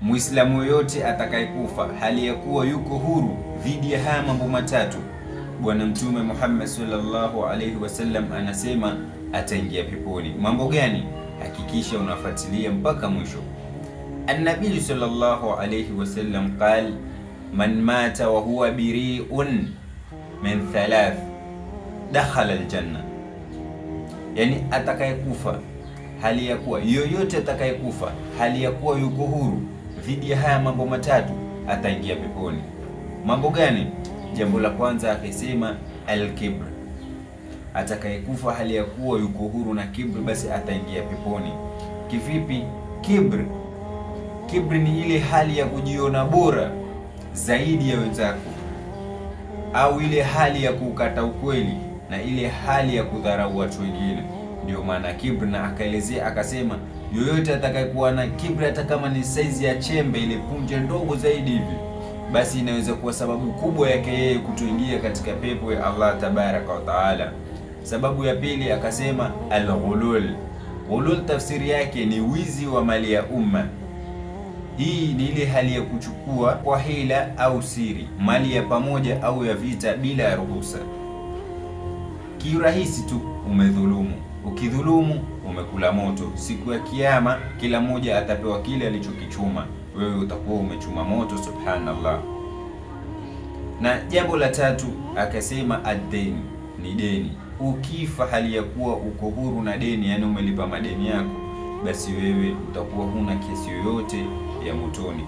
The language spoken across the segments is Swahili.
Muislamu yoyote atakayekufa hali ya kuwa yuko huru dhidi ya haya mambo matatu, Bwana Mtume Muhammad sallallahu alaihi wasallam anasema ataingia peponi. Mambo gani? Hakikisha unafuatilia mpaka mwisho. Annabii sallallahu alaihi wasallam qal man mata wa huwa biriun min thalath dakhala aljanna, yani atakayekufa hali ya kuwa yoyote atakayekufa hali ya kuwa yuko huru dhidi ya haya mambo matatu ataingia peponi. Mambo gani? Jambo la kwanza al-kibr, atakayekufa hali ya kuwa yuko huru na kibri, basi ataingia peponi. Kivipi kibri? Kibri ni ile hali ya kujiona bora zaidi ya wenzako, au ile hali ya kukata ukweli na ile hali ya kudharau watu wengine. Ndio maana kibri, na akaelezea akasema, yoyote atakayekuwa na kibri, hata kama ni saizi ya chembe ile punje ndogo zaidi hivi, basi inaweza kuwa sababu kubwa yake yeye kutoingia katika pepo ya Allah tabaraka wa taala. Sababu ya pili akasema, alghulul. Ghulul tafsiri yake ni wizi wa mali ya umma. Hii ni ile hali ya kuchukua kwa hila au siri mali ya pamoja au ya vita bila ya ruhusa kiurahisi tu umedhulumu. Ukidhulumu umekula moto. Siku ya Kiyama kila mmoja atapewa kile alichokichuma, wewe utakuwa umechuma moto. Subhanallah. Na jambo la tatu akasema, addeni ni deni. Ukifa hali ya kuwa uko huru na deni, yaani umelipa madeni yako, basi wewe utakuwa huna kesi yoyote ya motoni,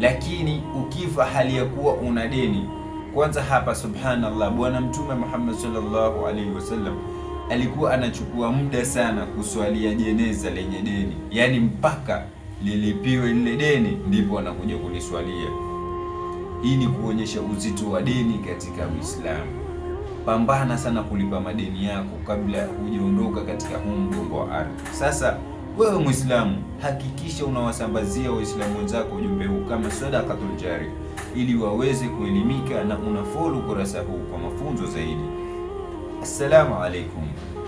lakini ukifa hali ya kuwa una deni kwanza hapa, subhanallah, Bwana Mtume Muhammad sallallahu alaihi wasallam alikuwa anachukua muda sana kuswalia jeneza lenye deni, yaani mpaka lilipiwe lile deni ndipo anakuja kuliswalia. Hii ni kuonyesha uzito wa deni katika Uislamu. Pambana sana kulipa madeni yako kabla hujaondoka katika huu mgongo wa ardhi. Sasa wewe Mwislamu, hakikisha unawasambazia Waislamu wenzako ujumbe huu kama sadaqatul jari ili waweze kuelimika na unafolu kurasa huu kwa mafunzo zaidi. Assalamu alaikum.